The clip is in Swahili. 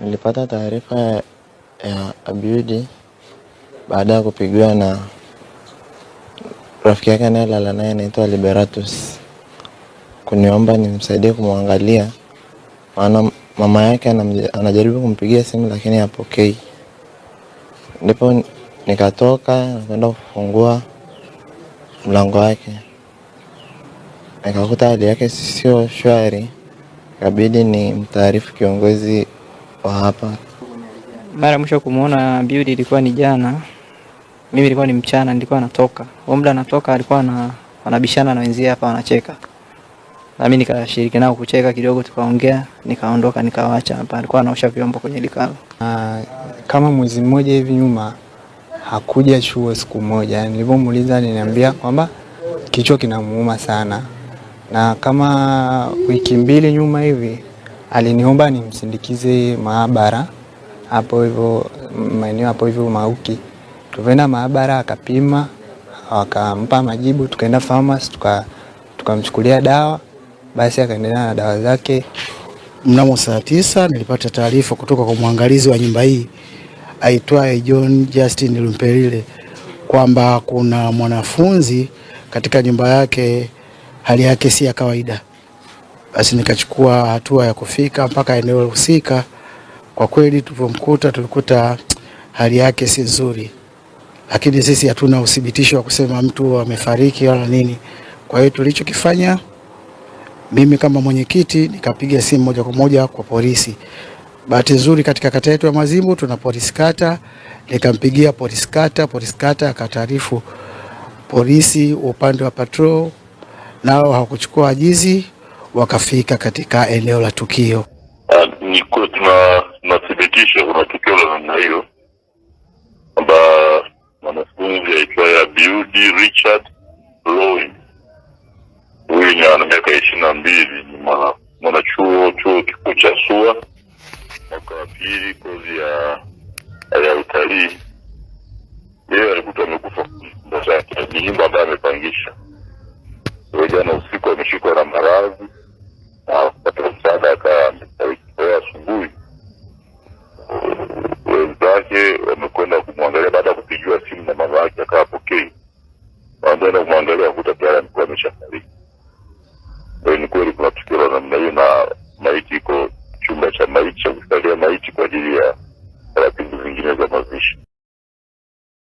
Nilipata taarifa ya abudi baada ya kupigiwa na rafiki yake anayelala naye anaitwa Liberatus kuniomba nimsaidie kumwangalia, maana mama yake anajaribu kumpigia simu lakini hapokei. Ndipo nikatoka nakwenda kufungua mlango wake, nikakuta hali yake sio shwari, ikabidi ni mtaarifu kiongozi kwa hapa. Mara mwisho kumuona Build ilikuwa ni jana, mimi ilikuwa ni mchana, nilikuwa natoka muda, natoka alikuwa na wanabishana na wenzie hapa wanacheka, na mimi nikashiriki nao kucheka kidogo, tukaongea, nikaondoka, nikawaacha hapa. Alikuwa anaosha vyombo kwenye likalo. Kama mwezi mmoja hivi nyuma hakuja chuo siku moja, yaani nilipomuuliza niniambia kwamba kichwa kinamuuma sana, na kama wiki mbili nyuma hivi aliniomba nimsindikize maabara hapo hivyo maeneo hapo hivyo Mauki. Tukaenda maabara akapima, akampa majibu, tukaenda pharmacy tukamchukulia dawa, basi akaendelea na dawa zake. Mnamo saa tisa nilipata taarifa kutoka kwa mwangalizi wa nyumba hii aitwaye John Justin Lumperile kwamba kuna mwanafunzi katika nyumba yake hali yake si ya kawaida. Basi nikachukua hatua ya kufika mpaka eneo husika. Kwa kweli tulipomkuta, tulikuta hali yake si nzuri, lakini sisi hatuna uthibitisho wa kusema mtu amefariki wala nini. Kwa hiyo tulichokifanya, mimi kama mwenyekiti nikapiga simu moja kwa moja kwa polisi. Bahati nzuri katika kata yetu ya Mazimbu tuna polisi kata, nikampigia polisi kata, polisi kata akataarifu polisi upande wa patrol, nao hawakuchukua ajizi wakafika katika eneo la tukio. Ah, ni tunathibitisha kuna tukio la namna hiyo kwamba mwanafunzi aitwaye Abiudi Richard Loin, huyu ana miaka ishirini na mbili, ni mwanachuo chuo kikuu cha SUA mwaka wa pili kozi ya ya utalii. Yeye alikuta amekufa chumba chake, ni nyumba ambayo amepangisha. Jana usiku ameshikwa na maradhi kwenda kumwangalia kutakiala alikuwa ameshafariki. Ni kweli kuna tukio la namna hiyo, na maiti iko chumba cha maiti cha